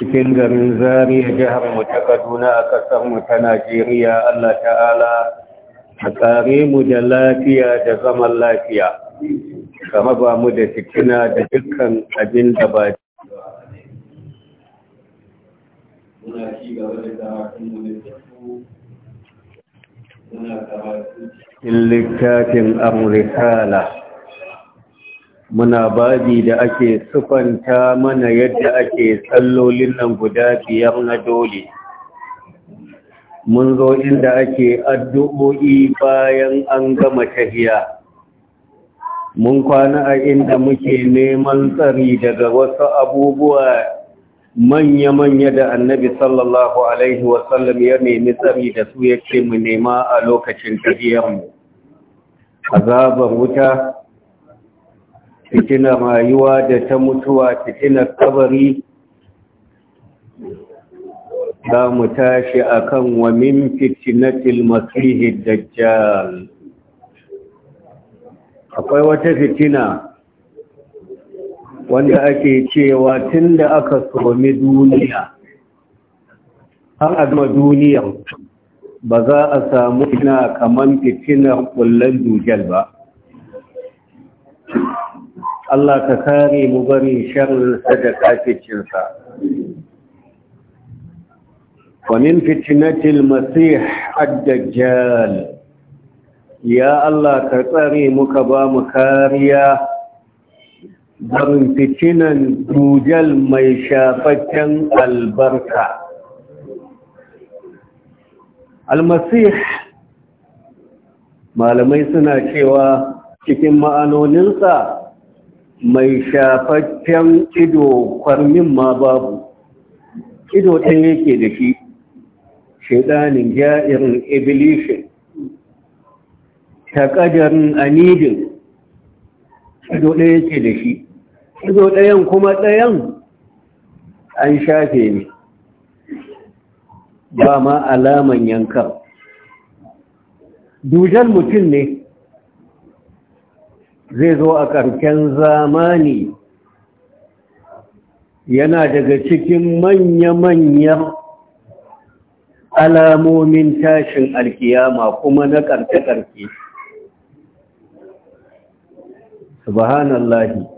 cikin garin zariya jihar mu ta kaduna a ƙasar mu ta najeriya allah ta'ala a tsare mu da lafiya da zaman lafiya kama ba mu da fitina da dukkan abin da ba muna ci da muna littafin amurkala muna babi da ake sufanta mana yadda ake tsallolin nan guda biyar na dole mun zo inda ake addu'o'i bayan an gama tahiya mun kwana a inda muke neman tsari daga wasu abubuwa manya-manya da annabi sallallahu alaihi wasallam ya nemi tsari da su yake mu nema a lokacin tahiyarmu azabar wuta Fitina rayuwa da ta mutuwa fitinar kabari za mu tashi akan wa min fitinatil masihi dajjal akwai wata fitina wanda ake cewa tun da aka somi duniya har a duniyar ba za a samu fitina kamar fitinar kullum dujal ba Allah ka kare mu bari sharrinsa da kaficinsa wa min masih ad-dajjal ya Allah ka tsare muka ba mu kariya barin fitinan dujal mai shafaken albarka almasih malamai suna cewa cikin ma'anoninsa mai shafaffen ido kwarmin ma babu ido ɗan yake da shi shaidanin ja'irin ibilishin taƙadarin anidin ido ɗaya yake da shi ido ɗayan kuma ɗayan an shafe ne ba ma alaman yankan dujan mutum ne zai zo a ƙarken zamani yana daga cikin manya-manyan alamomin tashin alkiyama kuma na ƙarfe-ƙarfe Subhanallah,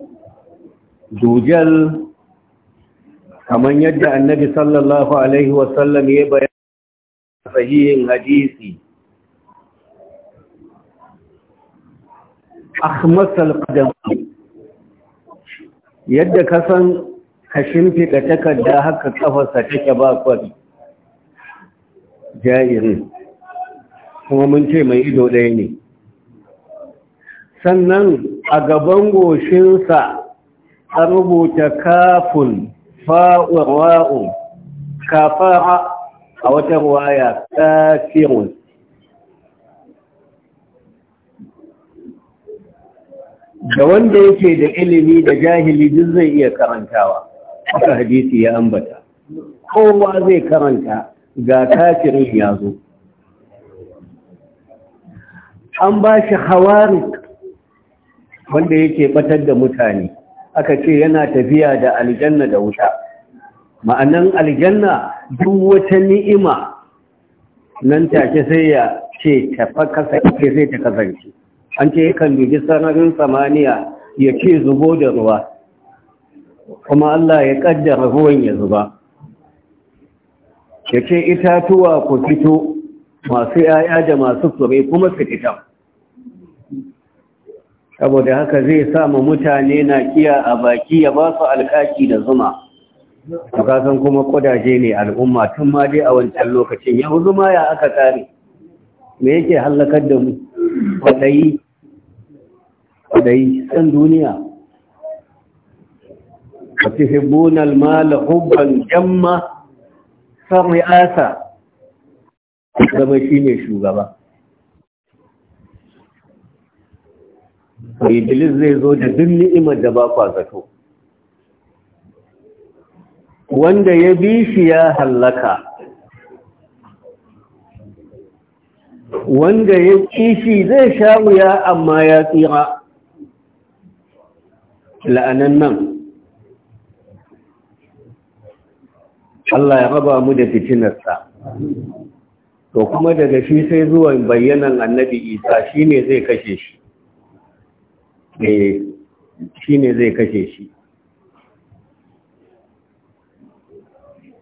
dujal kamar yadda annabi sallallahu alaihi wasallam ya bayan sahihin hadisi akhmasal qadam yadda ka san ka shimfida takarda haka kafarsa take ba kwari jairin kuma mun ce mai ido ɗaya ne sannan a gaban goshinsa a rubuta kafin fa'urwa'u kafara a wata waya kafirun da wanda yake da ilimi da jahili duk zai iya karantawa aka hadisi ya ambata kowa zai karanta ga kafirin ya zo an ba shi hawari wanda yake batar da mutane aka ce yana tafiya da aljanna da wuta ma'anan aljanna duk wata ni'ima nan take sai ya ce tafa kasance sai ta kasance an ce yakan dubi sararin samaniya ya ce zubo da ruwa kuma Allah ya kaddara ruwan ya zuba ya ce itatuwa ku fito masu ‘ya'ya da masu tsure kuma su fita saboda haka zai samu mutane na kiya a baki ya ba su alkaki da zuma kasan kuma kudaje ne al'umma tun ma dai a wancan lokacin yau zuma ya aka tsari me yake hallakar da mu kwaɗayi dai san duniya wa tuhibbuna al-mala hubban jamma san ri'asa zama ne shugaba Iblis zai zo da duk ni'imar da ba kwa zato. Wanda ya bi shi ya halaka. wanda ya ƙi zai sha wuya amma ya tsira. la'anan nan Allah ya raba mu da fitinarsa to kuma daga shi sai zuwan bayyanan annabi isa shi ne zai kashe shi eh, shi ne zai kashe shi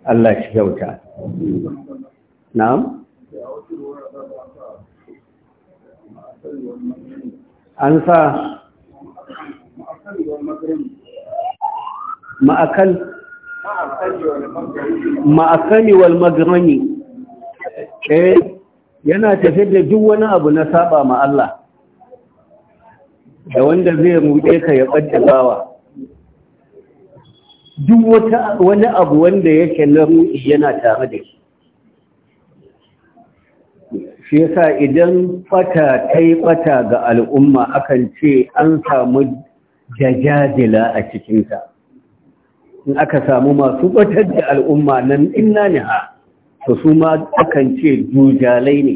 Allah shi kyauta na'am an sa ma'akal ma'akali wal magrani eh yana tafiyar da duk wani abu na saba ma Allah da wanda zai rude ka ya bawa. duk wata wani abu wanda yake na ruɗi yana tare da shi ya yasa idan fata ta yi fata ga al'umma akan ce an samu Da jajajila a cikinta in aka samu masu batar da al'umma nan inna ne ha to su ma akan ce dujalai ne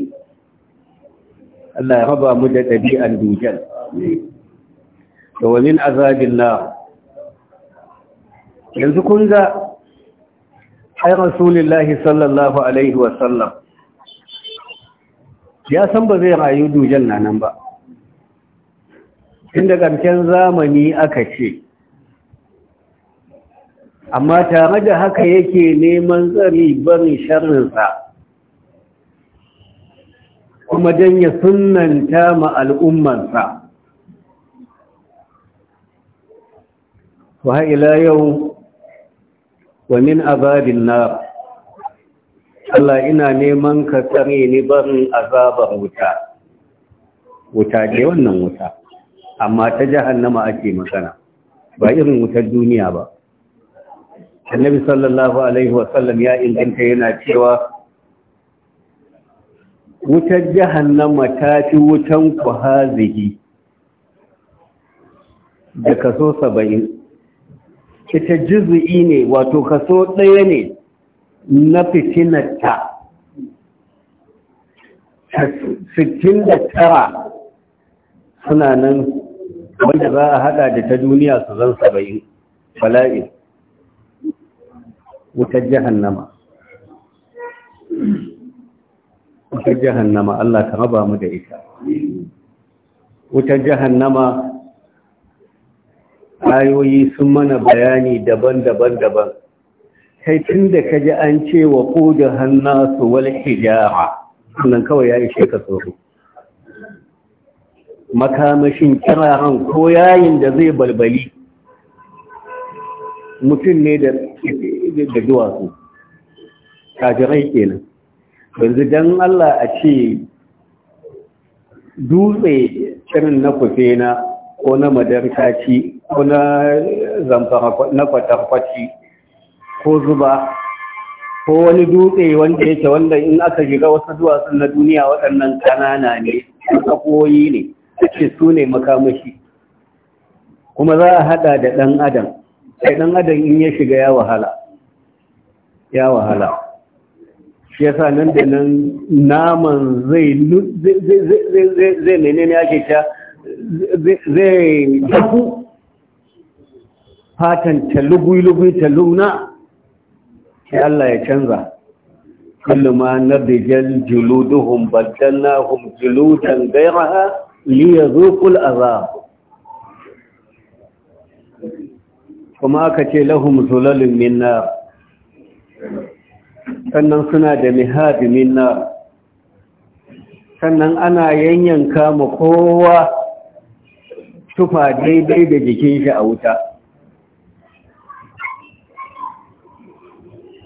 Allah ya raba mu da ɗabi'an dujal da wamin azabin na yanzu kun ga ai rasulillahi sallallahu alaihi wasallam ya san ba zai rayu dujan na nan ba tun da ƙarshen zamani aka ce amma tare da haka yake neman tsari barin sharrinsa kuma don ya sunanta ma al'ummansa wa ila yau wa min azabin na, Allah ina neman ka tsare ni barin azabar wuta wuta ne wannan wuta amma ta jahannama ake magana ba irin wutar duniya ba annabi sallallahu alaihi wasallam ya inganta yana cewa wutar jahannama ta fi wutan ku hazihi da kaso saba'in ita juzu'i ne wato kaso ɗaya ne na fitinarta sittin da tara suna nan wanda za a hada da ta duniya su zan saba'in fala'in wutar jahannama wutar jahannama Allah ka raba mu da ita wutar jahannama ayoyi sun mana bayani daban-daban daban kai tun da ka ji an ce wa ƙudu hannasu wal hijara sannan kawai ya ishe ka tsoro makamashin kirahan ko yayin da zai balbali mutum ne da duwatsu kafirai kenan yanzu don Allah a ce dutse kirin na na ko na madarkaci ko na zamfara na kwatarkwaci ko zuba ko wani dutse wanda yake wanda in aka shiga wasu duwatsun na duniya waɗannan kanana ne ƙafoyi ne ce su ne makamashi kuma za a hada da ɗan adam sai ɗan adam in ya shiga ya wahala ya wahala shi yasa nan da nan naman zai zai menene ake ta zai dafu fatan ta lugui taluna ta sai Allah ya canza kullum ma na bijal juluduhum baddalnahum juludan gairaha liyazuqul azab kuma aka ce lahum zulalun min sannan suna da mihadi minna. sannan ana yanyanka kama kowa tufa daidai da jikin shi a wuta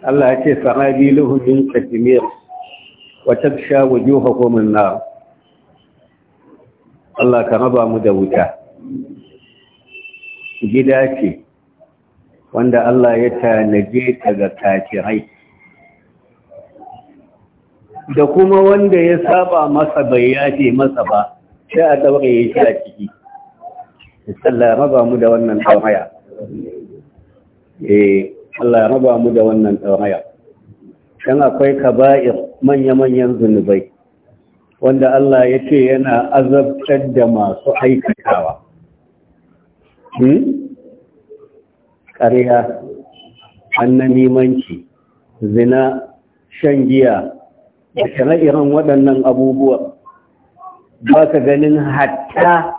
Allah ya ce sahabi lahum min katimir wa tabsha wujuhakum min nar Allah ka raba mu da wuta gida ce wanda Allah ya tanaje ta ga kafirai da kuma wanda ya saba masa bai masa ba sai a daure ya a ciki Allah raba mu da wannan tsauraya eh Allah raba mu da wannan tsauraya dan akwai kaba'ir manya-manyan zunubai wanda Allah ya ce yana azabtar da masu aikatawa. Hmm? Ƙarya, nimanci zina, shan giya, da irin waɗannan abubuwa. Ba ka ganin hatta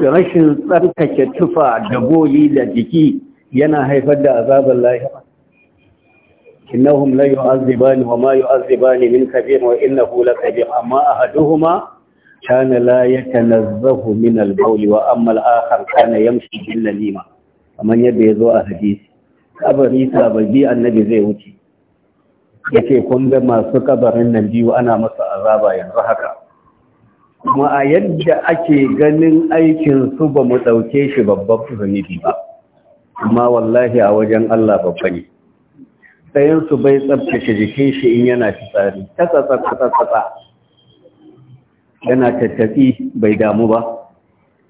rashin tsarkake tufa da goyi da jiki yana haifar da azabar lahira. innahum la yu'azzibani wa ma yu'azzibani min kabir wa innahu la kabir amma ahaduhuma kana ya yatanazzahu min al-bawl wa amma al-akhar kana yamshi bil nadima kaman yadda ya zo a hadisi kabari sababi annabi zai wuce yace kun ga masu kabarin nan biyu ana masa azaba yanzu haka kuma a yadda ake ganin aikin su ba mu dauke shi babban zunubi ba amma wallahi a wajen Allah babba ne su bai tsabtace jikin shi in yana fitsari tsatsa-tsatsa yana tattafi bai damu ba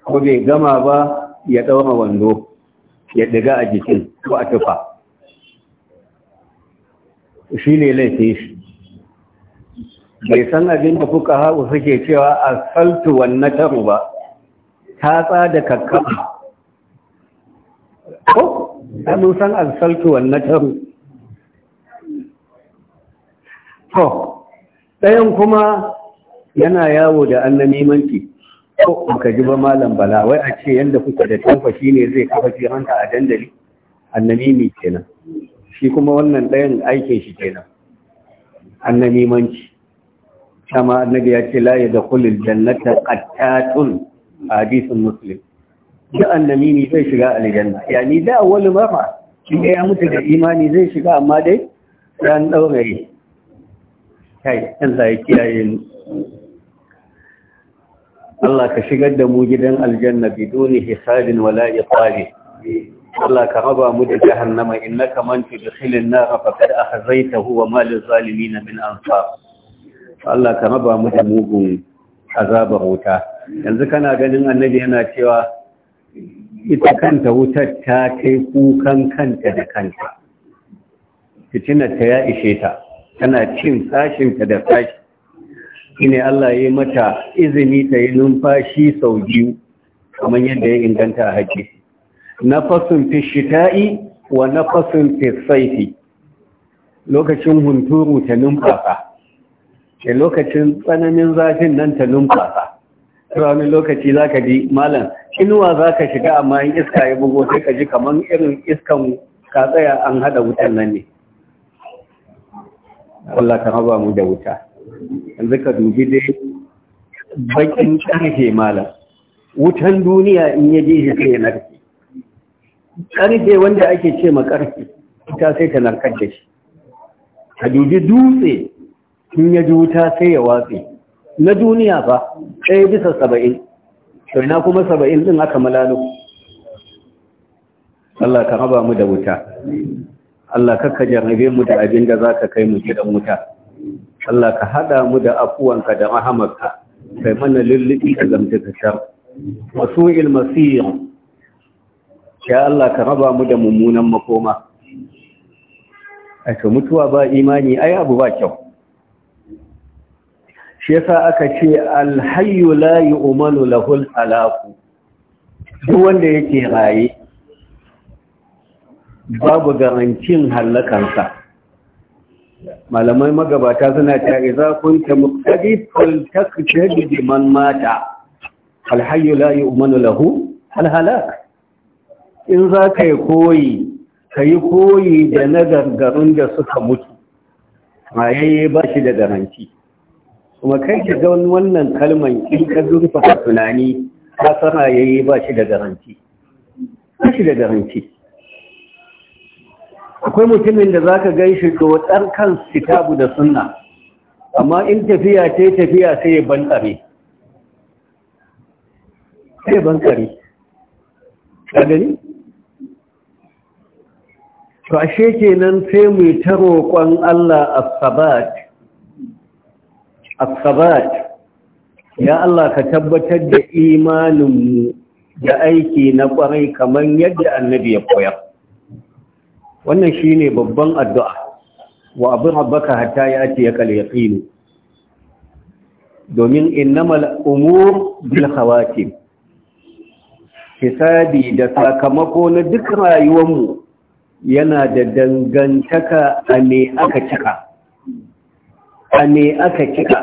ko bai gama ba ya ɗaura wando ya ɗiga a jikin ko a tufa shi ne laifin shi bai san abin da kuka haɗu suke cewa a saltu wannan taru ba ta tsada kakkaba ko? ta san a saltu wannan taru to ɗayan kuma yana yawo da annamimanci ko ka ji ba malam bala wai a ce yanda kuka da shi ne zai kafa hanta a dandali annamimi kenan shi kuma wannan ɗayan aikin shi kenan annamimanci kama annabi ya ce da yadkhulul jannata qattatun hadisin muslim da annamimi zai shiga aljanna yani da awwal mafa shi ya mutu da imani zai shiga amma dai an daure kai Allah kiyaye Allah ka shigar da mu gidan aljanna biduni hisabin wala iqali Allah ka raba mu da jahannama innaka man tudkhilin nar faqad akhzaytahu wa ma lil zalimin min anfar Allah ka raba mu da mugun azabar wuta yanzu kana ganin annabi yana cewa ita kanta wutar ta kai kukan kanta da kanta fitinar ta ya ishe ta tana cin sashinka da sashi shine Allah ya yi mata izini ta yi numfashi sau biyu kamar yadda ya inganta a haƙi nafasun fi shita'i wa nafasun fi saifi lokacin hunturu ta numfasa ke lokacin tsananin zafin nan ta numfasa wani lokaci za ka ji malam inuwa za ka shiga amma iska ya bugo sai ka ji kamar irin iskan ka tsaya an haɗa wutan nan ne Allah ka raba mu da wuta yanzu ka dubi dai bakin karfe malam wutan duniya in ya ji shi sai narke karfe wanda ake ce ma karfe wuta sai ta narkar da shi ka dubi dutse in ya ji wuta sai ya watse na duniya ba ɗaya bisa saba'in sau na kuma saba'in ɗin aka malalo Allah ka raba mu da wuta Allah ka jarrabe mu da abin da za ka kai mu gidan wuta Allah ka hada mu da afuwanka da rahamarka kai mana lullubi da zamtakashar wasu ilmasir ya Allah ka raba mu da mummunan makoma aka mutuwa ba imani ai abu ba kyau shi yasa aka ce alhayyu la yu'manu lahul alaku duk wanda yake raye babu garancin hallakansa malamai magabata suna cari za yi ta fal takshadi man mata Alhayu layu umarnu lahu alhalak in za ka yi koyi ka yi koyi da na gargarun da suka mutu ayayye ba shi da garanti kuma kai ki ga wannan kalman in ka zurfa tunani ka san ayayye ba shi da garanti ba shi da garanti akwai mutumin da zaka ganshi dotsar kan kitabu da sunna amma in tafiya ce tafiya sai ya bantsare sai ka gani to ashe kenan sai mu yi ta roƙon Allah as ya Allah ka tabbatar da imaninmu da aiki na ƙwarai kamar yadda annabi ya koyar wannan shi ne babban addu'a wa abin rabbaka hatta ya ati ya ya yaqinu domin innamal umur bil khawatim hisabi da sakamako na duk rayuwanmu yana da dangantaka a me aka cika a me aka cika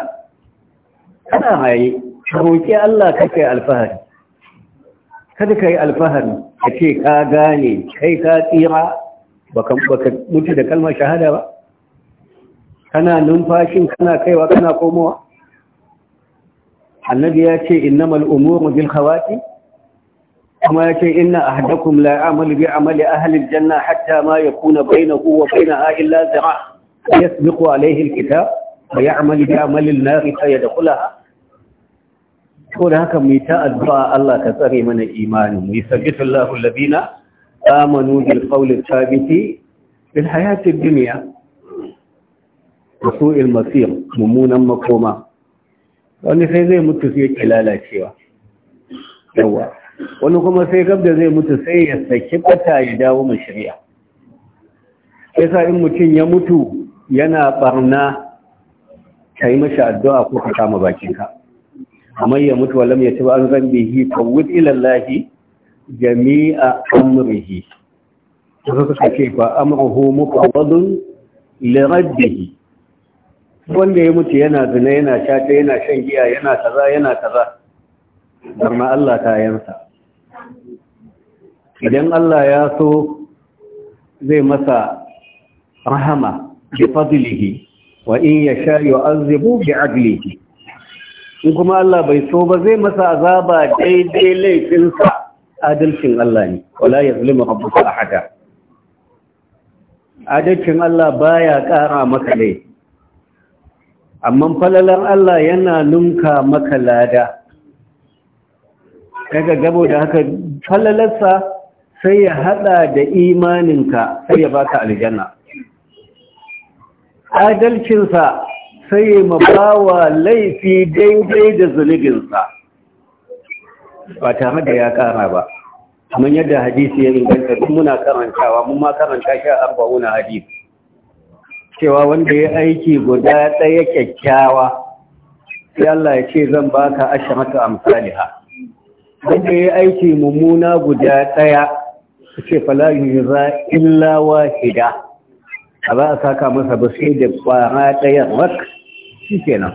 kana haye roƙi Allah kake alfahari kada ka yi alfahari a ce ka gane kai ka tsira baka mutu da kalmar shahada ba kana numfashin kana kaiwa kana komowa annabi ya ce innamal umuru bil khawati kuma ya ce inna ahadakum la ya'malu bi amali ahli janna? hatta ma yakuna bainahu wa bainaha illa zira yasbiqu alayhi kitab. wa ya'malu bi amali an-nar fa yadkhulaha ko da haka mu ta addu'a Allah ka tsare mana imani mu yi sabbitullahu alladhina amanu bil qawli thabiti fil hayati dunya wa su'il masir mummunan makoma wani sai zai mutu sai ke lalacewa yawa wani kuma sai Gabda zai mutu sai ya saki bata ya dawo mu shari'a yasa in mutum ya mutu yana barna yi mashi addu'a ko ka kama bakinka amma ya mutu walam ya ci ba an zambihi tawwid ila Allah jami'a amrihi suka ce fa amruhu wanda ya mutu yana zina yana shata yana shan giya yana kaza yana kaza darma Allah ta yansa idan Allah ya so zai masa rahama bi fadlihi wa in yasha yu'azzibu bi adlihi in kuma Allah bai so ba zai masa azaba daidai laifinsa adalcin Allah ne wala yazlimu rabbuka ahada adalcin Allah baya ƙara maka amma falalan Allah yana nunka maka lada Daga gabo da haka falalarsa sai ya haɗa da imaninka sai ya baka aljanna adalcinsa sai ya mabawa laifi daidai da zunubinsa ba tare da ya ƙara ba kamar yadda hadisi ya inganta duk muna karantawa mun ma karanta shi a arba'una hadisi cewa wanda ya aiki guda ɗaya kyakkyawa sai Allah ya ce zan baka asharatu amsalha wanda ya aiki mummuna guda ɗaya ce fala yujza illa wahida a ba a saka masa ba sai da kwara ɗaya rak shikenan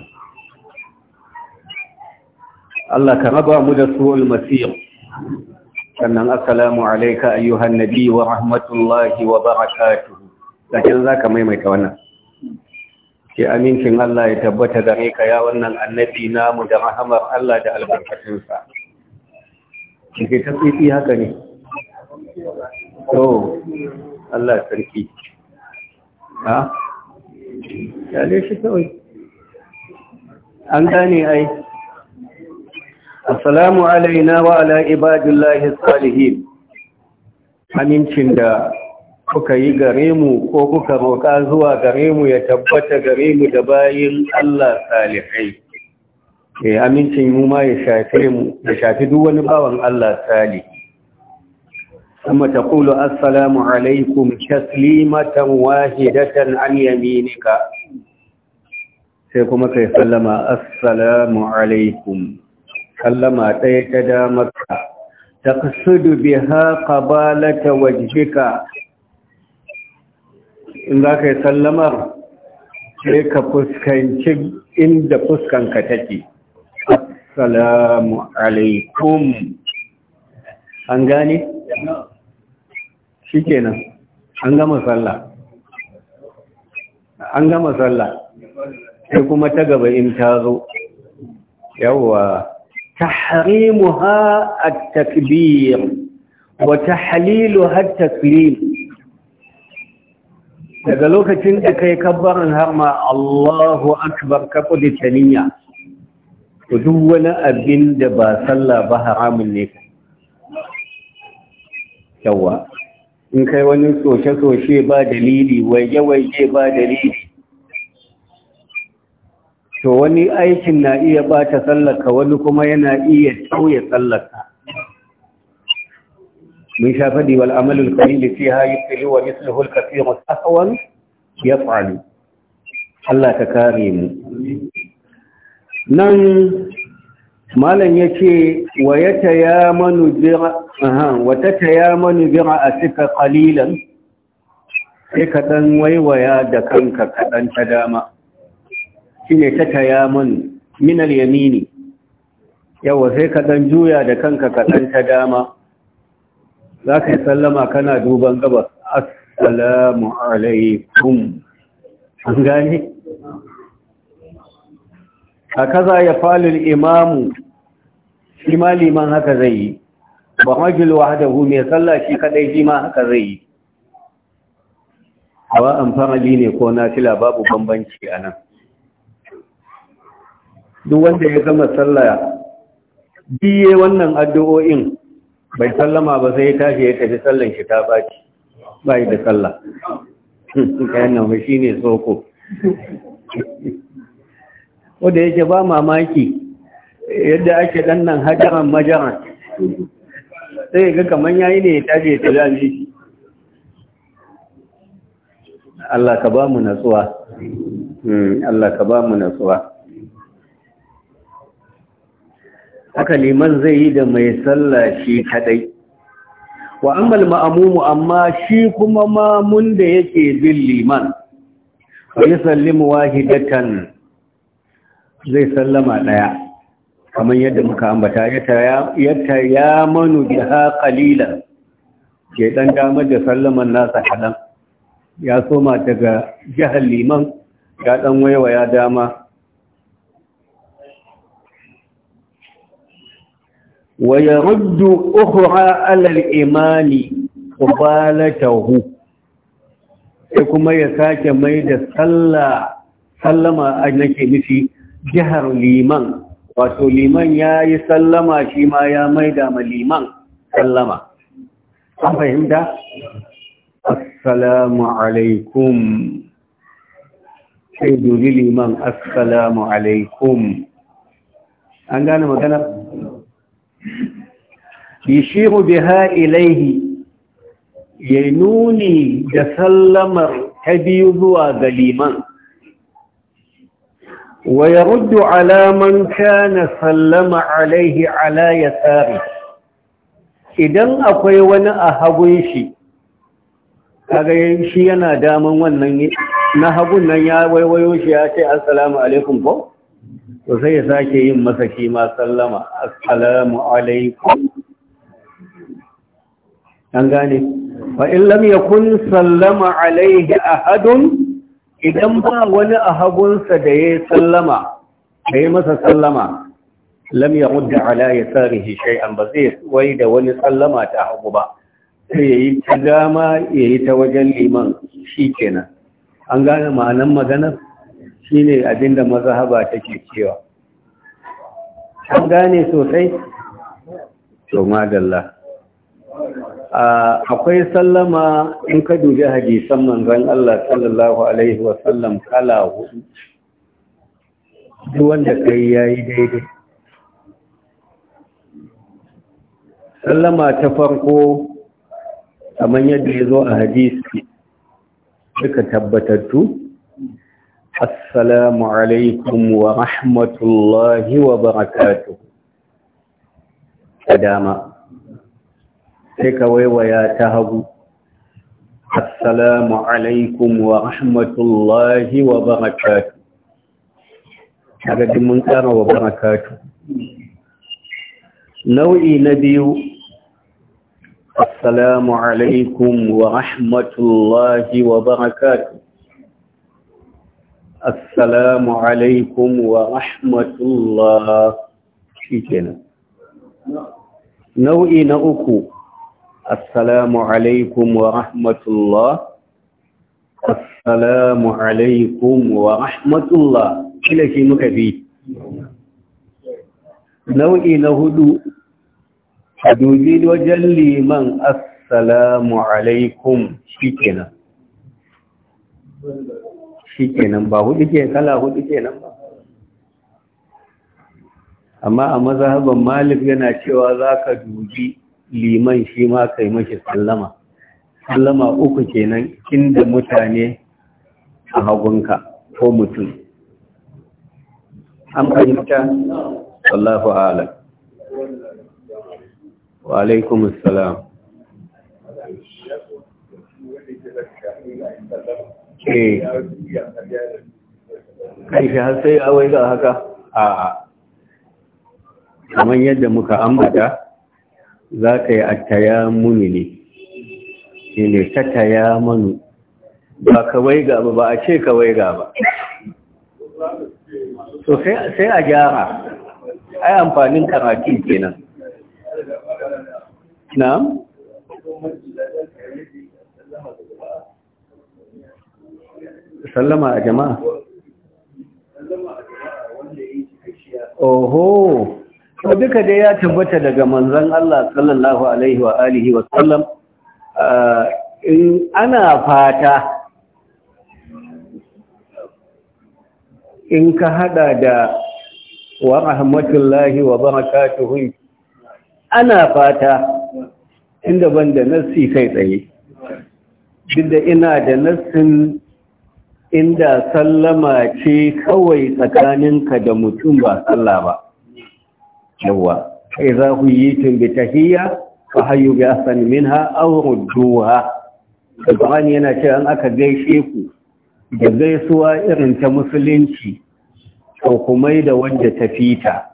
Allah ka raba mu da suwal masiyar sannan assalamu alaika ayyuhan nabi wa rahmatullahi wa barakatuhu lakin zaka maimaita wannan ke amincin Allah ya tabbata gare ka ya wannan annabi namu da rahamar Allah da albarkatun sa ke tafiti haka ne to Allah sarki ha ya le shi kawai an gane ai Assalamu alaina wa ala ibadullahi salihin. Amincin da kuka yi gare mu ko kuka roƙa zuwa gare mu ya tabbata gare mu da bayin Allah salihai. Eh amincin mu ma ya shafe mu, ya shafi duk wani bawan Allah salih. Amma ta kulu assalamu alaikum taslimatan wahidatan an yaminika. Sai kuma kai sallama assalamu alaikum. sallama ɗaya ta damarka ta kusudu biha waje ka. in za ka yi sallamar sai ka fuskanci inda fuskanka take assalamu alaikum an gane? shi kenan an gama sallah an gama sallah sai kuma ta gaba in ta zo yawwa تحريمها التكبير وتحليلها التسليم daga lokacin da kai kabbarin har ma Allahu akbar ka kudi taniya to duk wani abin da ba sallah ba haramun ne yawa in kai wani soshe-soshe ba dalili waje-waje ba dalili to wani aikin na iya bata sallaka wani kuma yana iya tauye sallaka min shafadi wal amalul fi fiha yuqli wa mithluhu al kathir Ya faru Allah ta kare mu nan malam ya wa wata ta ya manu bira a ra'atika kalilan sai ka ɗan waiwaya da kanka kaɗan ta dama shine tatayamun min al-yamini yawa sai ka dan juya da kanka ka dan ta dama za ka yi sallama kana duban gaba assalamu alaikum an gane a kaza ya falil imamu shi ma liman haka zai yi ba majil wahdahu mai sallah shi kadai shi ma haka zai yi hawa amfani ne ko na fila babu bambanci a nan duk wanda ya gama sallaya biye wannan addu'o'in bai sallama ba sai ya tashi ya tafi sallan shi ta baci bai da sallah kayan nan shi ne soko wadda yake ba mamaki yadda ake dan nan hajaran majaran sai ga kaman yayi ne ya tashi ya tafi amshi Allah ka ba mu natsuwa hmm, Allah ka ba mu natsuwa haka liman zai yi da mai sallah shi kadai wa ammal ma'amumu amma shi kuma mamun da yake bin liman ya sallimu wahidatan zai sallama daya kamar yadda muka ambata ya ya manu biha qalilan ke dan damar da sallaman nasa kadan ya soma daga jihar liman ya dan ya dama Waya yaruddu ukhra ala al-imani qubalatahu sai kuma ya sake mai da sallah sallama nake nufi jihar liman wato liman ya yi sallama shi ma ya maida ma liman sallama an fahimta? assalamu alaikum sai duri liman assalamu alaikum an gane magana? Bishiru biha ilaihi ya nuni da sallamar ta biyu zuwa ga liman wa ya ruddu alaman kana sallama alaihi ala ya tsari idan akwai wani a hagun shi kaga shi yana daman wannan na hagun nan ya waiwayo shi ya ce assalamu alaikum ko to sai ya sake yin masa shi ma sallama assalamu alaikum an gane fa in lam yakun sallama alaihi ahadun idan ba wani ahabunsa da ya sallama da ya masa sallama lam yamud ala yasarihi shay'an ba zai wai da wani sallama ta hagu ba sai yayi ta dama yayi ta wajen liman Shi kenan. an gane ma'anan maganar shine abinda ta take cewa an gane sosai to madalla akwai sallama in ka dubi hadisan manzon Allah sallallahu alaihi wa sallam kala hudu duk wanda kai yi daidai sallama ta farko kamar yadda ya zo a hadisi duka tabbatattu السلام عليكم ورحمة الله وبركاته سلام سكوي ويا تهب السلام عليكم ورحمة الله وبركاته هذا من كان وبركاته نوئي نبي السلام عليكم ورحمة الله وبركاته السلام عليكم ورحمة الله شيكنا نوئي نغكو السلام عليكم ورحمة الله السلام عليكم ورحمة الله كلا شيء مكفي نوئي نهدو حدوزين وجلي من السلام عليكم شيكنا shi kenan ba hudu ke kala hudu kenan ba amma a mazhaban malik yana cewa za ka dubi liman shi ma kai mashi sallama sallama uku kenan inda mutane a hagunka ko mutum an fahimta wallahu alam wa alaikum salam. eh ƙarfi har sai a da haka a kamar yadda muka ambata za ka yi a taya muni ne shi ne ta taya manu ba ka wai ba ba a ce ka ga ba so sai a gyara ai amfanin karatu kenan na'am sallama a jama'a oho to duka dai ya tabbata daga manzon Allah sallallahu alaihi wa alihi wa sallam in ana fata in ka hada da wa rahmatullahi wa barakatuhu ana fata inda ban da nassi kai tsaye duk da ina da nassin inda sallama ce kawai tsakaninka da mutum ba sallah ba yawa kai za ku yi tun bi tahiyya fa hayyu bi ahsani minha aw rudduha yana cewa an aka gaishe ku da gaisuwa irin ta musulunci to kuma da wanda ta fita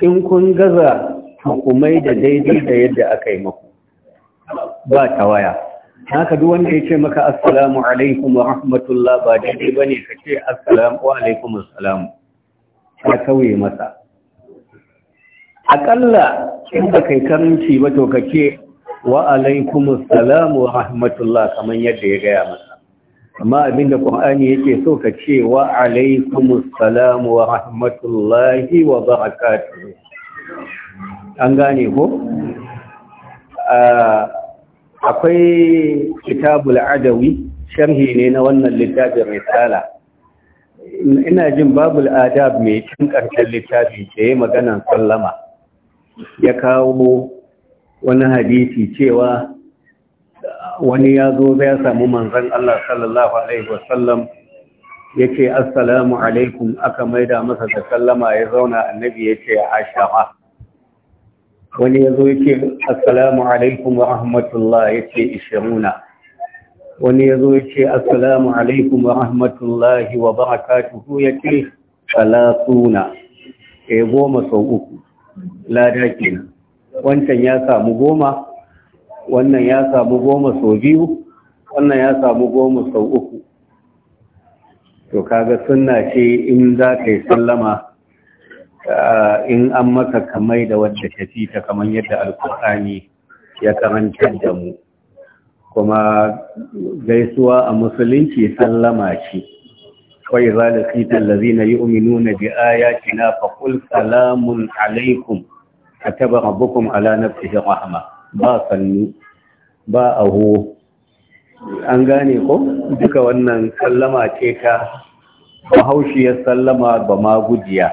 in kun gaza to kuma da daidai da yadda aka yi muku ba tawaya haka duk wanda ya ce maka assalamu alaikum wa rahmatullah ba daidai ba ne ka ce assalamu wa alaikum assalamu ka sauye masa aƙalla in ba kai karanci ba to ka ce wa alaikum assalamu wa rahmatullah kamar yadda ya gaya masa amma abinda ƙwa'ani yake so ka ce wa alaikum assalamu wa rahmatullah wa barakatuh an gane ko ah, akwai kitabul adawi sharhi ne na wannan littafin risala ina jin babul adab mai cin ƙarshen littafi yi maganan sallama ya kawo wani hadisi cewa wani ya zo ya samu manzan Allah sallallahu Alaihi wasallam ya ce assalamu alaikum aka maida masa da sallama ya zauna annabi ya ce a shafa wani ya zo ya ce assalamu alaikum wa rahmatullah ya ce ishiruna wani ya zo ya ce assalamu alaikum wa rahmatullahi wa baraka tuhu ya ce salasuna ya eh, goma sau uku lada kenan wancan ya samu goma wannan ya samu goma sau biyu wannan ya samu goma sau uku to kaga sunna ce in za ka yi sallama in an maka kamai da wadda ta kamar yadda alkur'ani ya karanta da mu kuma gaisuwa a musulunci sallama ce kawai za da fitan lazina yi uminu na bi na faƙul salamun alaikum a taba rabbukum ala nafsihi rahama ba sannu ba a ho an gane ko duka wannan sallama ce ta bahaushiyar sallama ba ma gujiya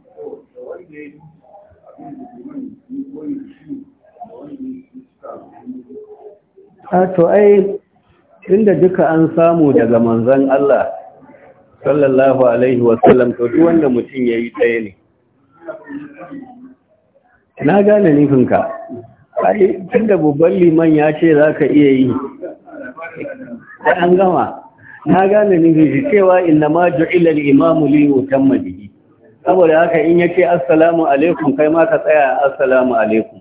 a to ai inda duka an samu daga manzan Allah sallallahu alaihi wasallam to duk wanda mutum yayi tsaye ne na gane nufinka ai tunda babban liman ya ce zaka iya yi an gama na gane nufin shi cewa inna ma ju'ila al-imamu li yutamma saboda haka in yace assalamu alaikum kai ma ka tsaya assalamu alaikum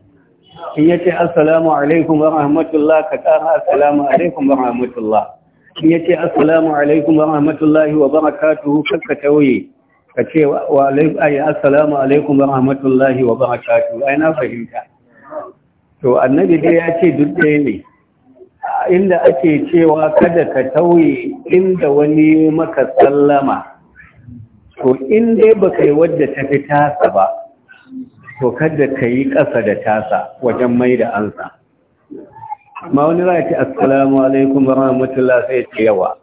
in yace assalamu alaikum wa rahmatullah ka kara assalamu alaikum wa rahmatullah in yace assalamu alaikum wa rahmatullahi wa barakatuhu kanka tauye ka ce wa alaikum assalamu alaikum wa rahmatullahi wa barakatuhu ai na fahimta to annabi dai ya ce duk ɗaya ne inda ake cewa kada ka tauye inda wani maka sallama to in dai baka yi wadda ta fi tasa ba to kada ka yi ƙasa da tasa wajen mai da ansa ma wani za ce assalamu alaikum wa rahmatullah sai ce yawa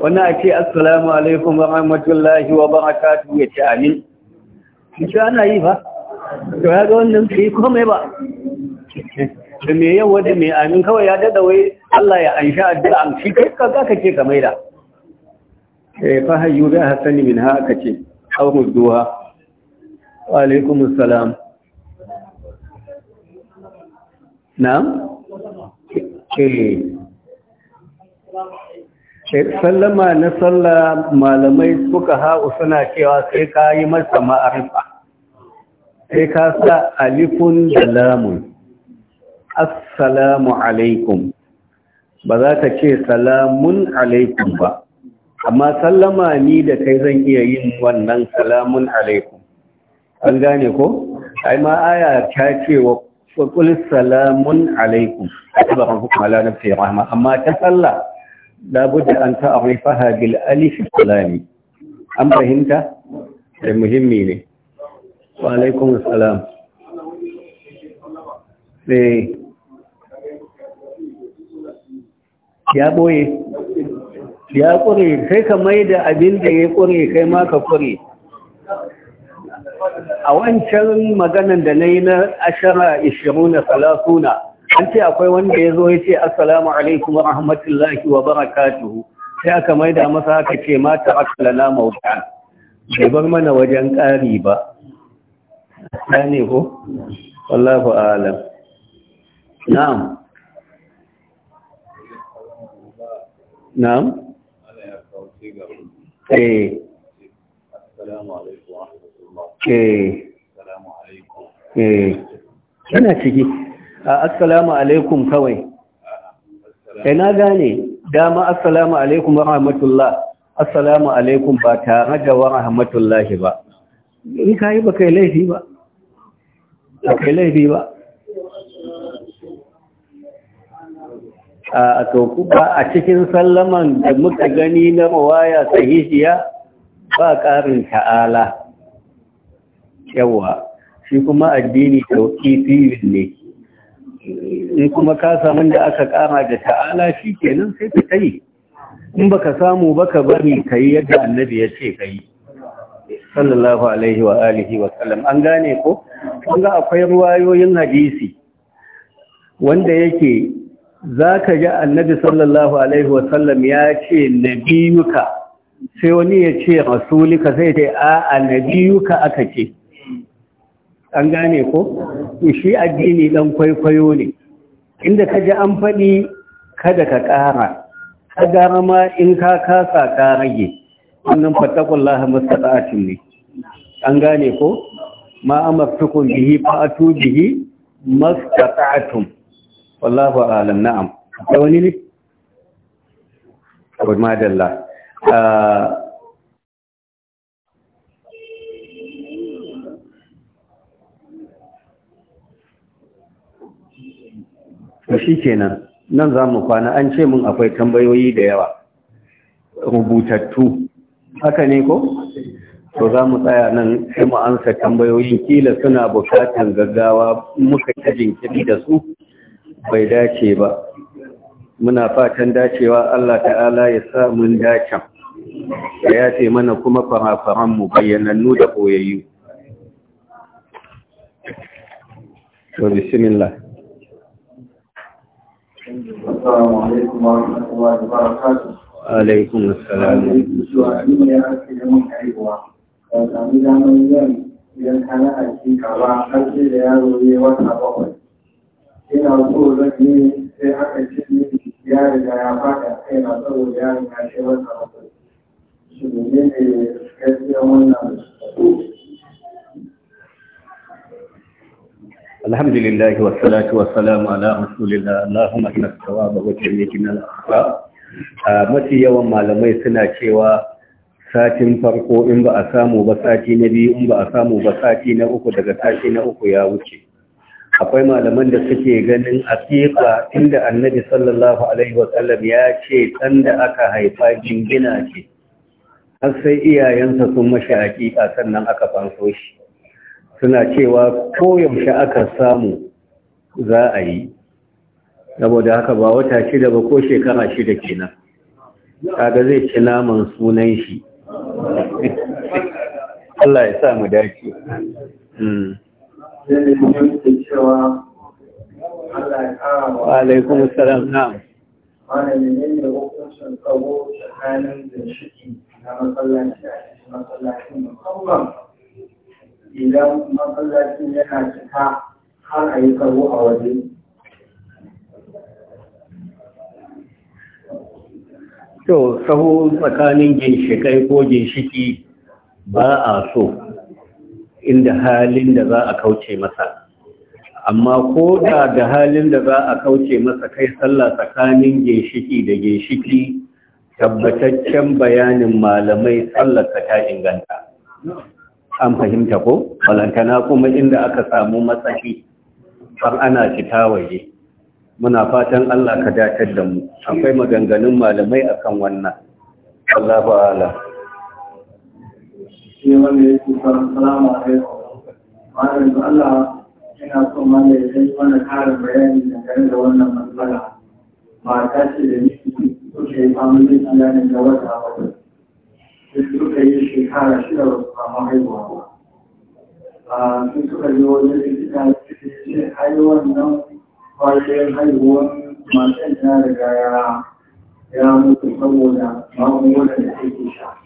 wani a ce assalamu alaikum wa rahmatullahi wa barakatu ya ce amin ce ana yi ba to ya ga wannan ka yi komai ba da mai yawa da mai amin kawai ya dada wai Allah ya an sha addu'a shi kai ka ce ka maida eh fa hayyu bi hasani min ha ce aw wa eh sallama na sallah malamai suka ha'u suna cewa sai ka yi masa ma'arifa sai ka sa alifun da lamun assalamu alaikum ba za ka ce salamun alaikum ba amma sallama ni da kai zan iya yin wannan salamun alaikum an gane ko ai ma aya ta ce wa qul salamun alaikum ba kan hukuma ala nafsi rahma amma ta salla da budda an ta'rifaha bil alif salami an fahimta sai muhimmi ne wa alaikum salam eh ya boye ya ƙure sai ka mai da abin da ya ƙure kai ma ka ƙure a wancan maganan da na yi na ashara ishirin da salasuna an ce akwai wanda ya zo ya ce assalamu alaikum wa rahmatullahi wa barakatuhu sai aka mai da masa haka ce ma ta mata na mauta bai bar mana wajen ƙari ba ya ne ko? wallahu alam na'am na'am eh eh eh yana ciki assalamu alaikum kawai eh na gane dama assalamu alaikum wa rahmatullah assalamu alaikum ba tare da wa rahmatullahi ba in yi ba kai laifi ba kai laifi ba a toku ba a cikin sallaman da muka gani na mawaya sahihiya ba ƙarin ta'ala yawa shi kuma addini tauki filin ne in kuma ka samu da aka ƙara da ta'ala shi kenan sai ka kai in baka samu baka bari kai yadda annabi ya ce kai sallallahu alaihi wa alihi wa sallam an gane ko kun ga akwai ruwayoyin hadisi wanda yake za ka ga annabi sallallahu alaihi wasallam ya ce na biyuka sai wani ya ce rasulika sai ce a biyuka aka ce an gane ko shi addini dan kwaikwayo ne inda ka ji an faɗi kada ka ƙara ka gara ma in ka kasa ka rage wannan masu mustata'atin ne an gane ko ma'amar amartukum bihi fa'atu masu ta'atun. wallahu alam na'am akwai wani ne abin madalla da ah, shi kenan nan za mu kwana an ce mun akwai tambayoyi da yawa rubutattu haka ne ko? to za mu tsaya nan sai mu ansa tambayoyin kila suna bukatan gaggawa muka ta jinkiri da su bai dace ba muna fatan dacewa Allah ta'ala ya sa mun dace ya ce mana kuma fahafahan mu bayyanannu da koyayyu to bismillah Assalamu alaikum wa rahmatullahi wa barakatuh. Alaikum assalam. Ba sami damar yin idan a cikin har sai da yaro ya wata bakwai. ina so zan yi sai aka ce ni ya riga ya fada kai na saboda ya riga shi wannan abu shi ne ne gaskiya wannan الحمد لله والصلاة والسلام على رسول الله اللهم إن الثواب وجميعنا الأخطاء mafi yawan malamai suna cewa satin farko in ba a samu ba sati na biyu in ba a samu ba sati na uku daga sati na uku ya wuce akwai malaman da suke ganin aqiqa inda annabi sallallahu alaihi wasallam ya ce dan da aka haifa jingina ce har sai iyayensa sun mashi aqiqa sannan aka fanso shi suna cewa koyaushe aka samu za a yi saboda haka ba wata shida ba ko shekara shida kenan kaga zai ci naman sunan shi Allah ya sa mu dace. Hmm. Alaikun Musalam na. Wani ne ne hukuncin tsawo tsakanin da shi na matsalaci a cikin matsalacin musamman idan matsalacin yana cika har a yi tsawo a waje. To, tsawo tsakanin ginshikai ko ginshiki ba a so. inda halin da za a kauce masa amma ko da da halin da za a kauce masa kai sallah tsakanin ginshiki da ginshiki tabbataccen bayanin malamai sallarsa ta inganta an fahimta ko balantana kuma inda aka samu matsayi har ana fita waje muna fatan Allah ka datar da mu akwai maganganun malamai akan wannan Allahu shi wanda ya ce salamu alaikum malam yanzu Allah ina son malam ya yi mana karin bayani dangane da wannan matsala mata ce da miki suke yi family planning da wata wata sai suka yi shekara shida ba su samu haihuwa ba sun suka yi wajen likita suke ce ai wannan kwayoyin haihuwar matan ya riga ya mutu saboda magungunan da take sha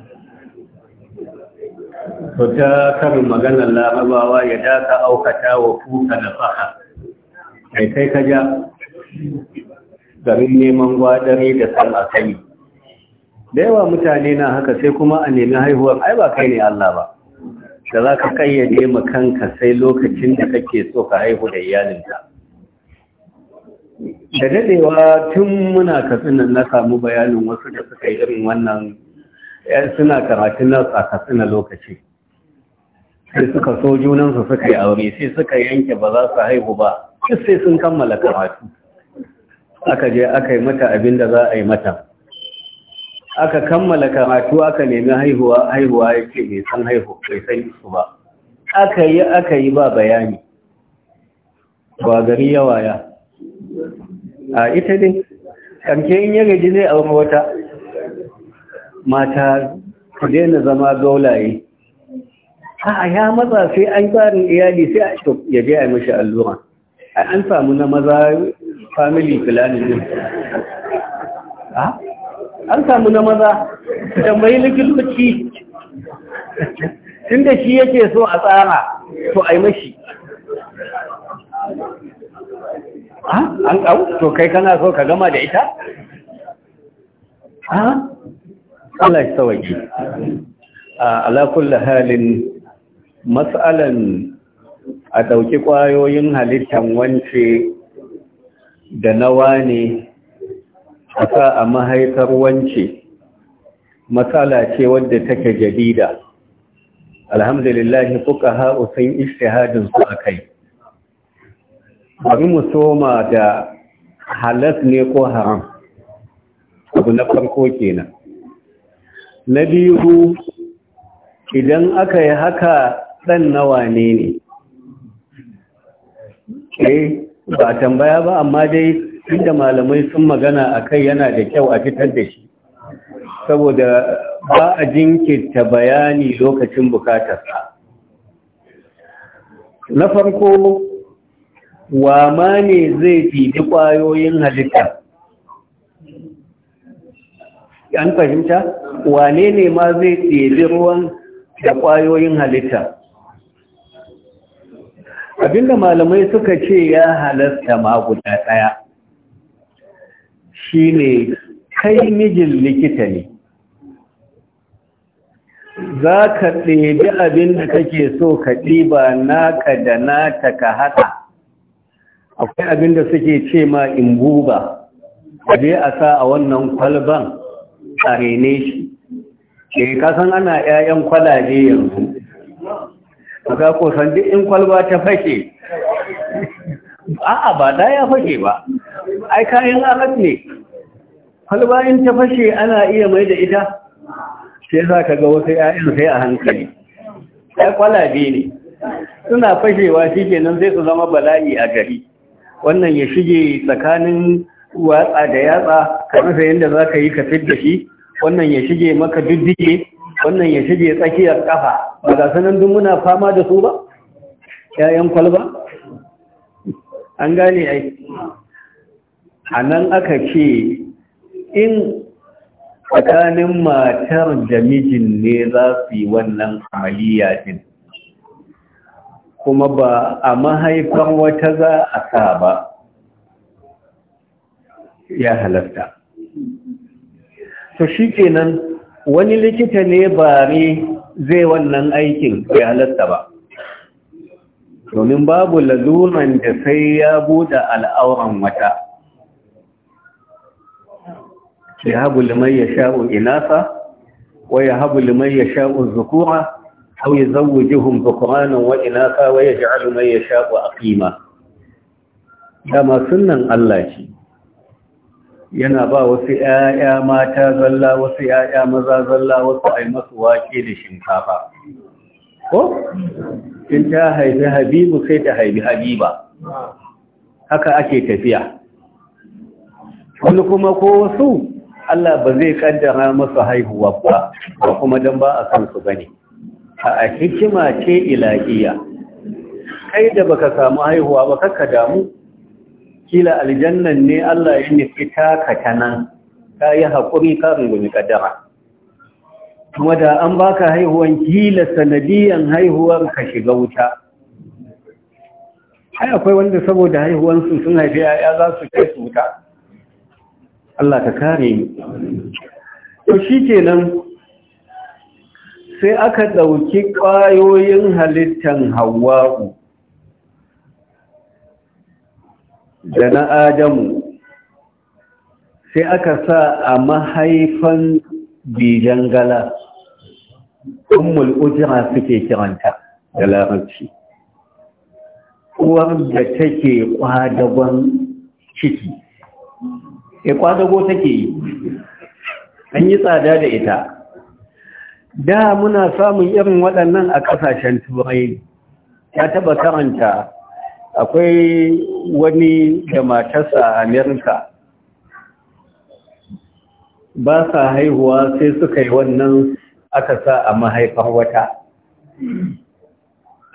to ta karin maganar larabawa ya daka aukata wa kuka da faha kai kai ka ja garin neman gwadari da san a da yawa mutane na haka sai kuma a nemi haihuwar ai ba kai ne Allah ba da za ka kayyade makanka kanka sai lokacin da kake so ka haihu da iyalinka da dadewa tun muna katsinan na samu bayanin wasu da suka yi irin wannan eh, suna karatun nasu a katsina lokaci sai suka so junansu suka yi aure sai suka yanke ba za su haihu ba sai sun kammala karatu aka je aka yi mata abin da za a yi mata aka kammala karatu aka nemi haihuwa haihuwa ya ce mai san haihu bai san su ba aka yi aka yi ba bayani ba gari yawa ya a ita ne kamke in ya gaji zai auri wata mata ku daina zama gaulaye a ya maza sai an tsarin iyali sai ya je a mashi allura an samu na maza family planning din an samu na maza da mai likitoci tun da shi yake so a tsara to a yi mashi an ƙau to kai kana so ka gama da ita? Allah ya tsawaki. a kulla halin matsalan a ɗauki ƙwayoyin halittar wance da nawa ne a sa a mahaifar wance matsala ce wadda take jadida alhamdulillahi kuka ha'u sun ishtihadin su a kai bari mu soma da halas ne ko haram abu na farko kenan na biyu idan aka yi haka Dan nawa ne ne eh ba tambaya ba amma dai inda malamai sun magana a kai yana da kyau a fitar da shi saboda ba a jinkirta bayani lokacin sa na farko wa ma ne zai fidi ƙwayoyin halitta an fahimta wane ne ma zai tsebi ruwan da ƙwayoyin halitta abinda malamai suka ce ya halasta ma guda ɗaya shine kai mijin likita ne za ka ɗebi abin kake so ka ɗiba naka da nata ka haɗa akwai abinda suke ce ma in buba je a sa a wannan kwalban a rene shi ke eh, kasan ana 'ya'yan kwalaje yanzu ga san duk in kwalba ta fashe a'a ba da ya fashe ba ai kayan alat ne kwalba in ta fashe ana iya mai da ita sai za ka ga wasu 'ya'yan sai a hankali ya kwalabe ne suna fashewa shi kenan sai su zama bala'i a gari wannan ya shige tsakanin watsa da yatsa ka rufe yadda za ka yi ka fid da shi wannan ya shige maka duddige wannan ya shige tsakiyar kafa ba ga sanan duk muna fama da su ba ƴaƴan kwalba an gane ai a nan aka ce in tsakanin matar da mijin ne za su yi wannan amaliya din kuma ba a mahaifar wata za a sa ba ya halatta to shi kenan wani likita ne ba ne zai wannan aikin ya halatta ba domin babu laluran da sai ya buɗe al'auran wata ya habu liman ya sha'u inasa wa ya habu liman ya sha'u zukura hau ya zawujihun zukuranin wa inasa wa ya ja'alu man ya sha'u aqima dama sunan Allah ce yana ba wasu ‘ya'ya mata zalla wasu ‘ya'ya maza zalla wasu a yi masu wake da shinkafa ko in ta haifi habibu sai ta haifi habiba haka ake tafiya wani kuma ko wasu Allah ba zai kaddara masu haihuwa ba ba kuma don ba a kansu ba ne. a hikima ce ilahiya kai da baka samu haihuwa ba kakka damu kila aljannan ne Allah ya nufi taka ta nan ka yi haƙuri karin gumi ƙaddara kuma da an baka haihuwan kila sanadiyan haihuwar ka shiga wuta ai akwai wanda saboda haihuwansu sun haifi ya za su kai su wuta Allah ka kare ni to shikenan sai aka ɗauki ƙwayoyin halittan hawa'u da na adamu sai aka sa a mahaifan bijan gala ummul ujira suke kiranta da larabci uwar da take kwadagon ciki e kwadago take yi an yi tsada da ita da muna samun irin waɗannan a ƙasashen turai ya taɓa karanta akwai wani da matarsa a amerika ba sa haihuwa sai suka yi wannan aka sa a mahaifar wata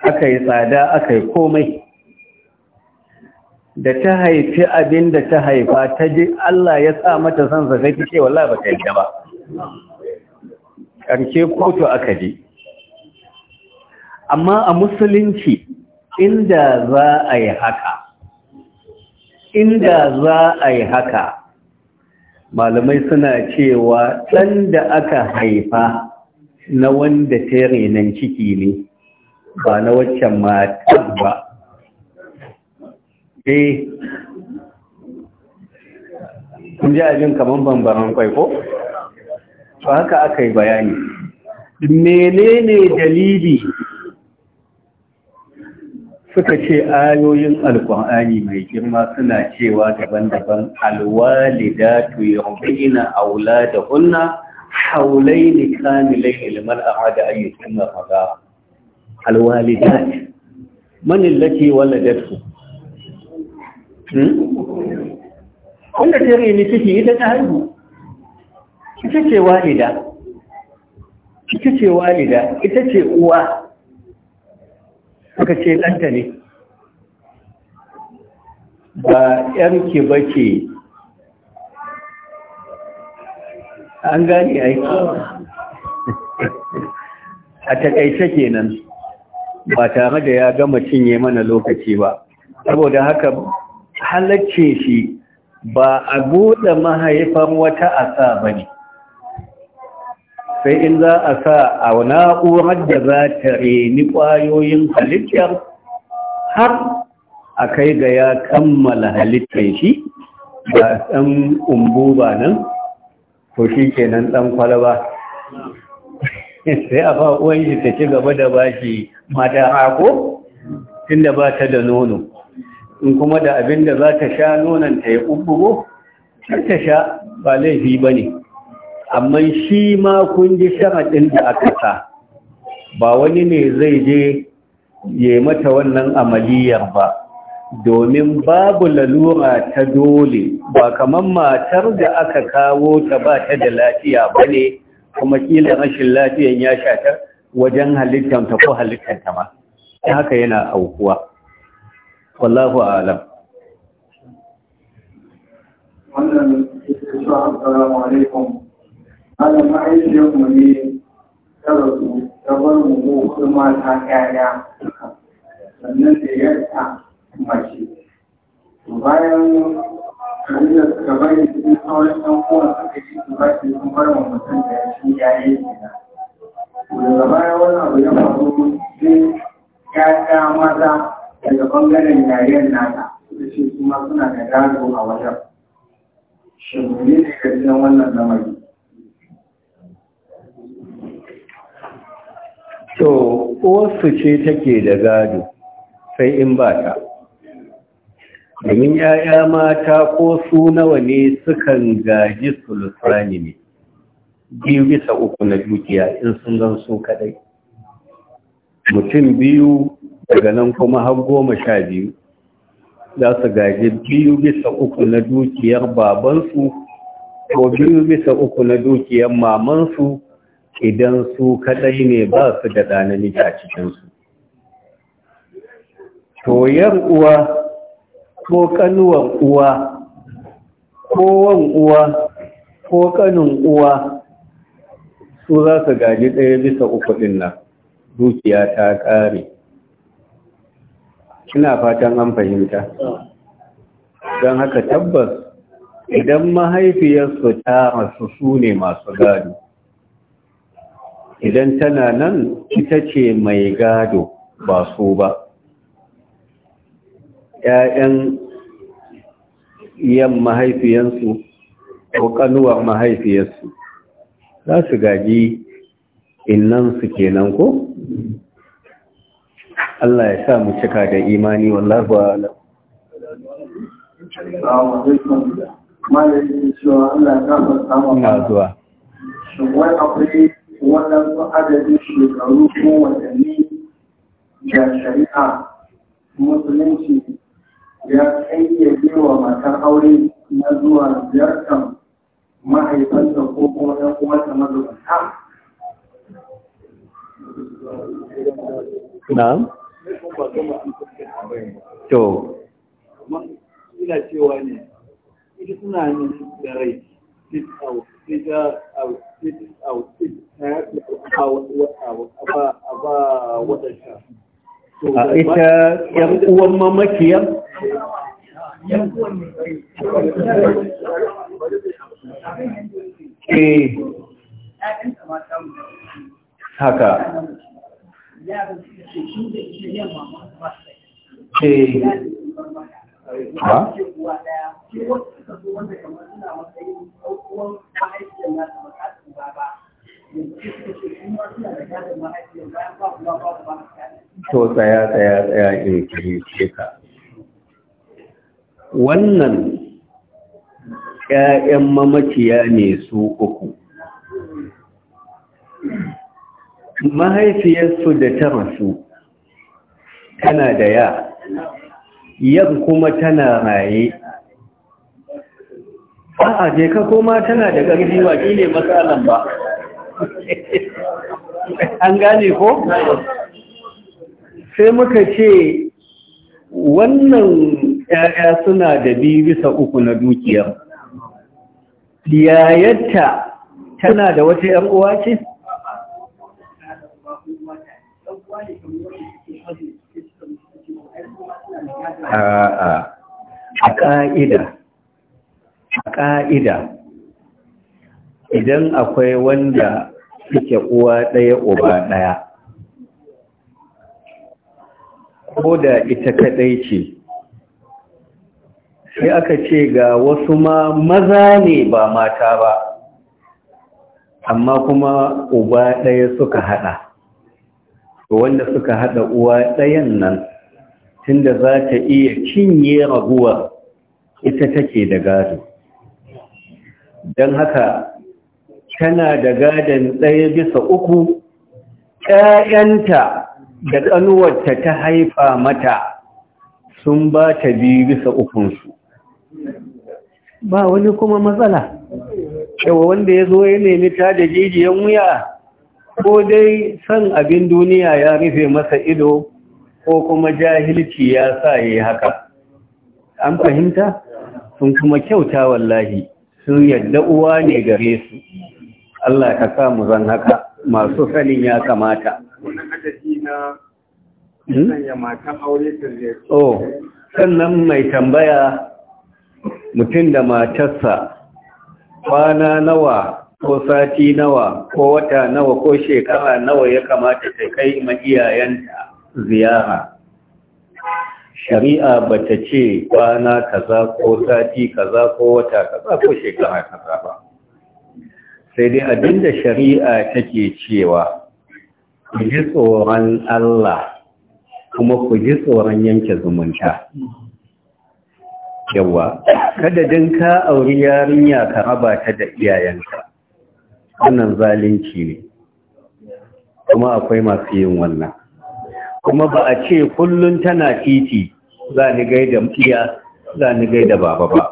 aka yi tsada aka yi komai da ta haifi abin da ta haifa ta ji Allah ya sa mata son zafi sai ce ba ta yi ba ƙarshe kotu aka ji. amma a musulunci inda za a yi haka inda za a yi haka malamai suna cewa ɗan da aka haifa na wanda ta renan ciki ne ba na waccan matan ba eh kun ji ajin kaman bambaran kwaiko ba haka aka yi bayani menene dalili suka ce ayoyin alkur'ani mai girma suna cewa daban-daban alwalida tu yarbina auladahunna haulaini kamilaini liman arada an yutimma raga alwalidat man allati waladatu hmm? wanda ta rini take ita ta haihu ita ce walida ita ce walida ita ce uwa suka ce ɗanta ne ba ‘yarki ba ke an gane aiki a taƙaice kenan ba tare da ya gama cinye mana lokaci ba saboda haka halacce shi ba a buɗe mahaifar wata asa ba ne sai in za a sa a na'urar da za ta reni ƙwayoyin halittar har a kai ga ya kammala halittar shi ba ɗan umbu ba nan ko shi kenan ɗan kwalaba sai a fa'uwan shi ta ci gaba da ba shi mata hako Inda ba ta da nono in kuma da abin da za ta sha nonon ta ya ƙubbugo har ta sha ba laifi ba ne amma shi ma kun ji sharaɗin da aka sa ba wani ne zai je ya mata wannan amaliyar ba domin babu lalura ta dole ba kamar matar da aka kawo ta ba ta da lafiya ba ne kuma kila rashin lafiyan ya shata wajen halittanta ko halittanta ma haka yana aukuwa wallahu alam wannan assalamu alaikum ana ma'aikiyar mu ne ta rasu ta bar mu mu kuma mata ƴaƴa sannan da yarta mace bayan abin da suka bari cikin sauran ɗan uwan suka yi su baki sun bar mu mutum da shi yayi gida. daga baya wani abu ya faru sai ƴaƴa maza daga ɓangaren yayin nata suka ce kuma suna da gado a wajen shin ne ne ga wannan zamani? to wasu ce take da gado sai in ba ta domin ‘ya'ya mata ko su nawa ne sukan gaji sulusani ne biyu bisa uku na dukiya in sun zan su kadai mutum biyu daga nan kuma har goma sha biyu za su gaji biyu bisa uku na dukiyar babansu ko biyu bisa uku na dukiyar mamansu idan su kadai ne ba su da ɗanani a cikinsu toyar uwa ko kanuwar uwa kowan uwa ko kanun uwa su za su gaji ɗaya bisa uku ɗin nan dukiya ta ƙare ina fatan an fahimta don haka tabbas idan mahaifiyarsu ta rasu su ne masu gado idan tana nan ita ce mai gado ba su ba ‘ya'yan yan mahaifiyansu ko kanuwar mahaifiyarsu za su gaji innansu kenan ko? Allah ya sa mu cika da imani wallahu ala. Na zuwa. wai akwai waɗansu adadin shekaru ko watanni da shari'a musulunci ya kayyade wa matar aure na zuwa ziyartar mahaifansa ko kuma ɗan kuma mazubanta. Na'am? To. Ina cewa ne, ita suna yin da rai sit out, sit out, sit out, sit out, a ba wata sha. A ita ‘yan uwan mamakiyar? Eh, haka. Eh, ha? tausaya tsaya tsaya in fahimce ka wannan 'ya'yan mamaciya ne su uku mahaifiyarsu da ta rasu tana da ya yan kuma tana raye Ba a je ka koma tana da ƙarfi waƙi ne matsalan ba an gane ko? sai muka ce wannan ‘ya'ya suna da biyu bisa uku na dukiyar yayatta tana da wata ‘yan ce? a ƙa'ida a ƙa'ida idan akwai wanda suke uwa ɗaya uba ɗaya ko ita kadai ce sai aka ce ga wasu ma maza ne ba mata ba amma kuma uba ɗaya suka haɗa wanda suka haɗa uwa ɗayan nan tunda za ta iya cinye raguwa ita take da gado don haka tana da gadon ɗaya bisa uku 'ya'yanta da ƙanuwarta ta haifa mata sun ba ta biyu bisa ukunsu ba wani kuma matsala cewa wanda ya zo ya nemi ta da jijiyan wuya ko dai san abin duniya ya rufe masa ido ko kuma jahilci ya sa ya yi haka an fahimta sun kuma kyauta wallahi sun yadda uwa ne gare su Allah ka samu zan haka masu sanin ya kamata Hmm? Oh, sannan mai tambaya mutum da matarsa kwana nawa ko sati nawa ko wata nawa ko shekara nawa ya kamata ta kai ma iyayenta ziyara. Shari'a ba ta ce kwana kaza ko sati kaza ko wata kaza ko shekara kaza ba. Sai dai abinda shari'a take cewa ku ji tsoron Allah kuma ku ji tsoron yanke zumunta Yawwa, kada din ka auri yarinya ka raba ta da iyayenka wannan zalunci ne kuma akwai masu yin wannan kuma ba a ce kullum tana titi za ni gai da iya za ni gai da baba ba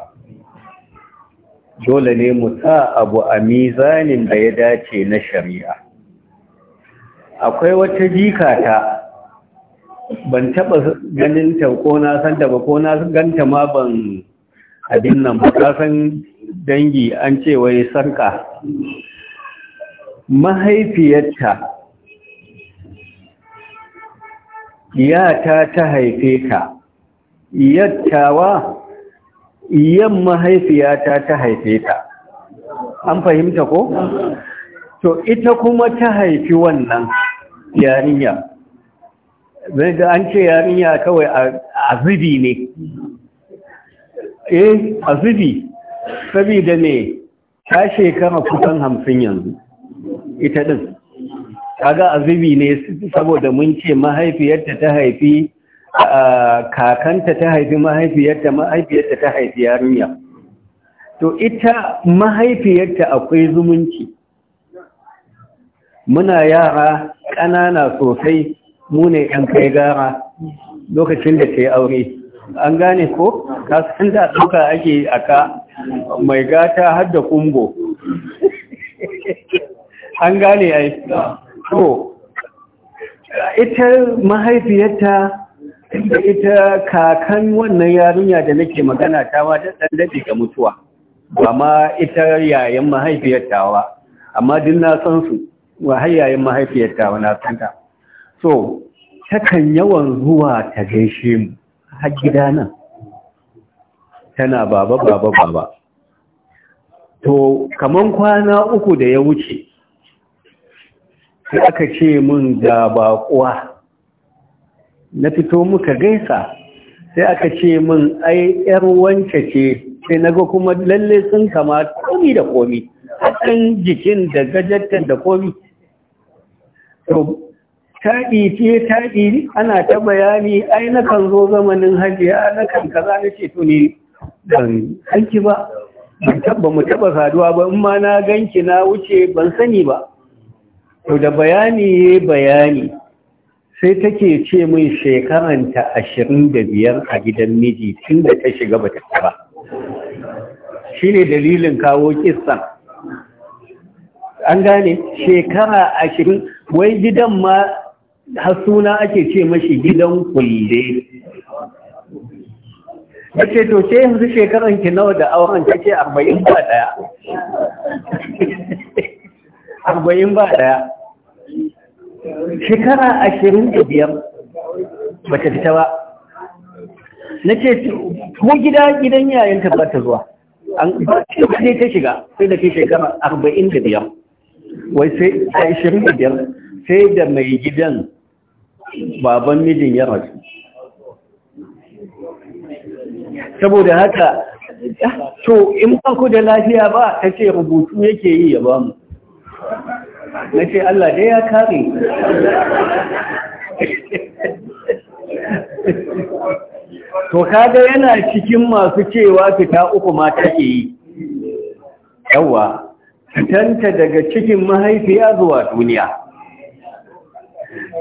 dole ne mu sa abu a mizanin da ya dace na shari'a akwai wata jika ta ban taba ganin ta ko na san ta ba ko na ganta ma ban abin nan ba ka san dangi an ce wai sarka mahaifiyarta yata ta haife ta yattawa yan mahaifiyata ta haife ta an fahimta ko to ita kuma ta haifi wannan yarinya zai da an ce yarinya kawai a zubi ne eh a zubi saboda ne ta shekara kusan hamsin yanzu ita din kaga zubi ne saboda mun ce mahaifiyarta ta haifi kakanta ta haifi mahaifiyarta mahaifiyarta ta haifi yarinya to ita mahaifiyarta akwai zumunci muna yara ƙanana sosai mu ne ‘yan kai gara lokacin da ta aure an gane ko kasan da ɗauka ake aka mai gata har da kungo an gane ai to ita mahaifiyarta da ita kakan wannan yarinya da nake magana tawa da ɗan ga mutuwa ba ma ita yayin mahaifiyarta wa? amma din na san su wa hayyayin mahaifiyarta wani asanta so takan yawan zuwa ta gaishe mu har gida nan tana baba baba baba to kaman kwana uku da ya wuce sai aka ce mun ga baƙuwa na fito muka gaisa sai aka ce min ai yar wance ce sai naga kuma lalle sun kama komi da komi hakan jikin da gajatta da komi taɗi ce taɗi ana ta bayani ai na kan zo zamanin hajiya na kan kaza na ce to ne ban hanki ba taɓa mu taɓa saduwa ba in ma na ganki na wuce ban sani ba to da bayani ya bayani sai take ce min shekaranta ashirin da biyar a gidan miji tun da ta shiga ba ta ba shi ne dalilin kawo kissan an gane shekara ashirin wai gidan ma hasuna ake ce mashi gidan kulle ake ce to ce yanzu shekaran ki nawa da auren ta ce arba'in ba daya arba'in ba daya shekara ashirin da biyar ba ta fita ba na ce ko gida gidan yayanta ba ta zuwa an ba ta ta shiga sai da ke shekara arba'in da biyar wai sai da sai da mai gidan baban mijin ya rasu saboda haka to in ba ku da lafiya ba ta ce rubutu yake yi ya ba mu na ce Allah dai ya kare to kaga yana cikin masu cewa fita uku ma take yi yawa fitanta daga cikin mahaifiya zuwa duniya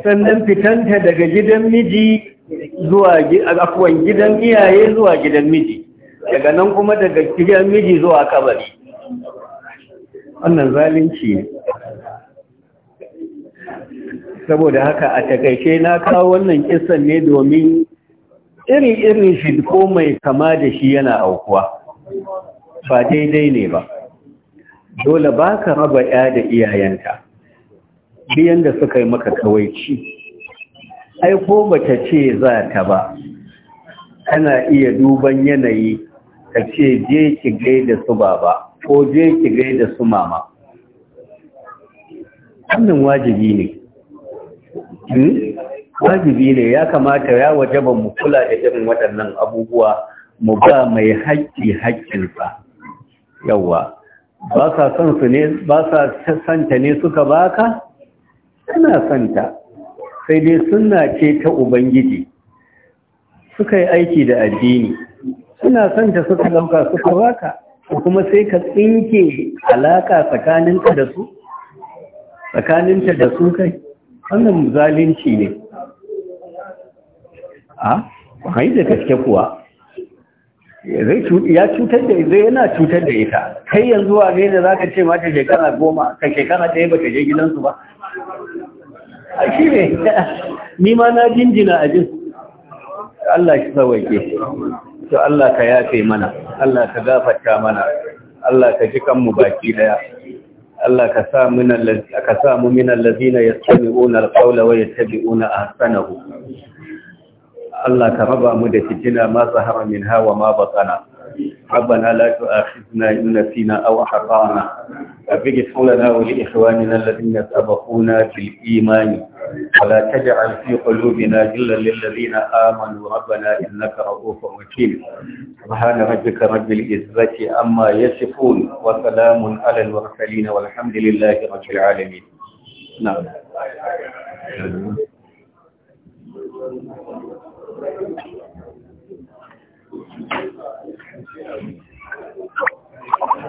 sannan fitanta daga gidan miji zuwa afuwan gidan iyaye zuwa gidan miji daga nan kuma daga gidan miji zuwa kabari wannan zalunci ne saboda haka a takaice na kawo wannan kisan ne domin irin irin shi ko mai kama da shi yana aukuwa ba daidai ne ba dole ba ka raba ya da iyayenta biyan da suka yi maka kawaici ai ko ta ce za ta ba kana iya duban yanayi ka ce je ki gaida su baba ko je ki gaida su mama wannan wajibi ne hmm? wajibi ne ya kamata ya waje ba mu kula da irin waɗannan abubuwa mu ba mai haƙƙi haƙƙinsa Yawwa. ba sa son su ne ba sa santa ne suka baka suna santa sai dai sunna ce ta ubangiji suka yi aiki da addini suna santa suka dauka suka baka kuma sai ka tsinke alaka tsakaninka da su tsakaninta da su kai wannan zalunci ne a kai da gaske kuwa ya cutar da ita yana cutar da ita kai yanzu a gaida za ka ce mata shekara goma ka shekara ɗaya ba ka je gidansu ba a shi ne ni ma na jinjina a jin Allah shi sauwake to Allah ka yafe mana Allah ka gafarta mana Allah ka ji kanmu baki daya Allah ka sa minan ka sa mu minan lazina yastami'una alqawla wa yattabi'una ahsanahu Allah ka raba mu da fitina ma zahara min hawa ma batana ربنا لا تؤاخذنا إن نسينا أو حرعنا أبقف لنا ولإخواننا الذين سبقونا في الإيمان ولا تجعل في قلوبنا جلا للذين آمنوا ربنا إنك رؤوف رحيم سبحان ربك رب العزة أما يصفون وسلام على المرسلين والحمد لله رب العالمين نعم Thank you. um,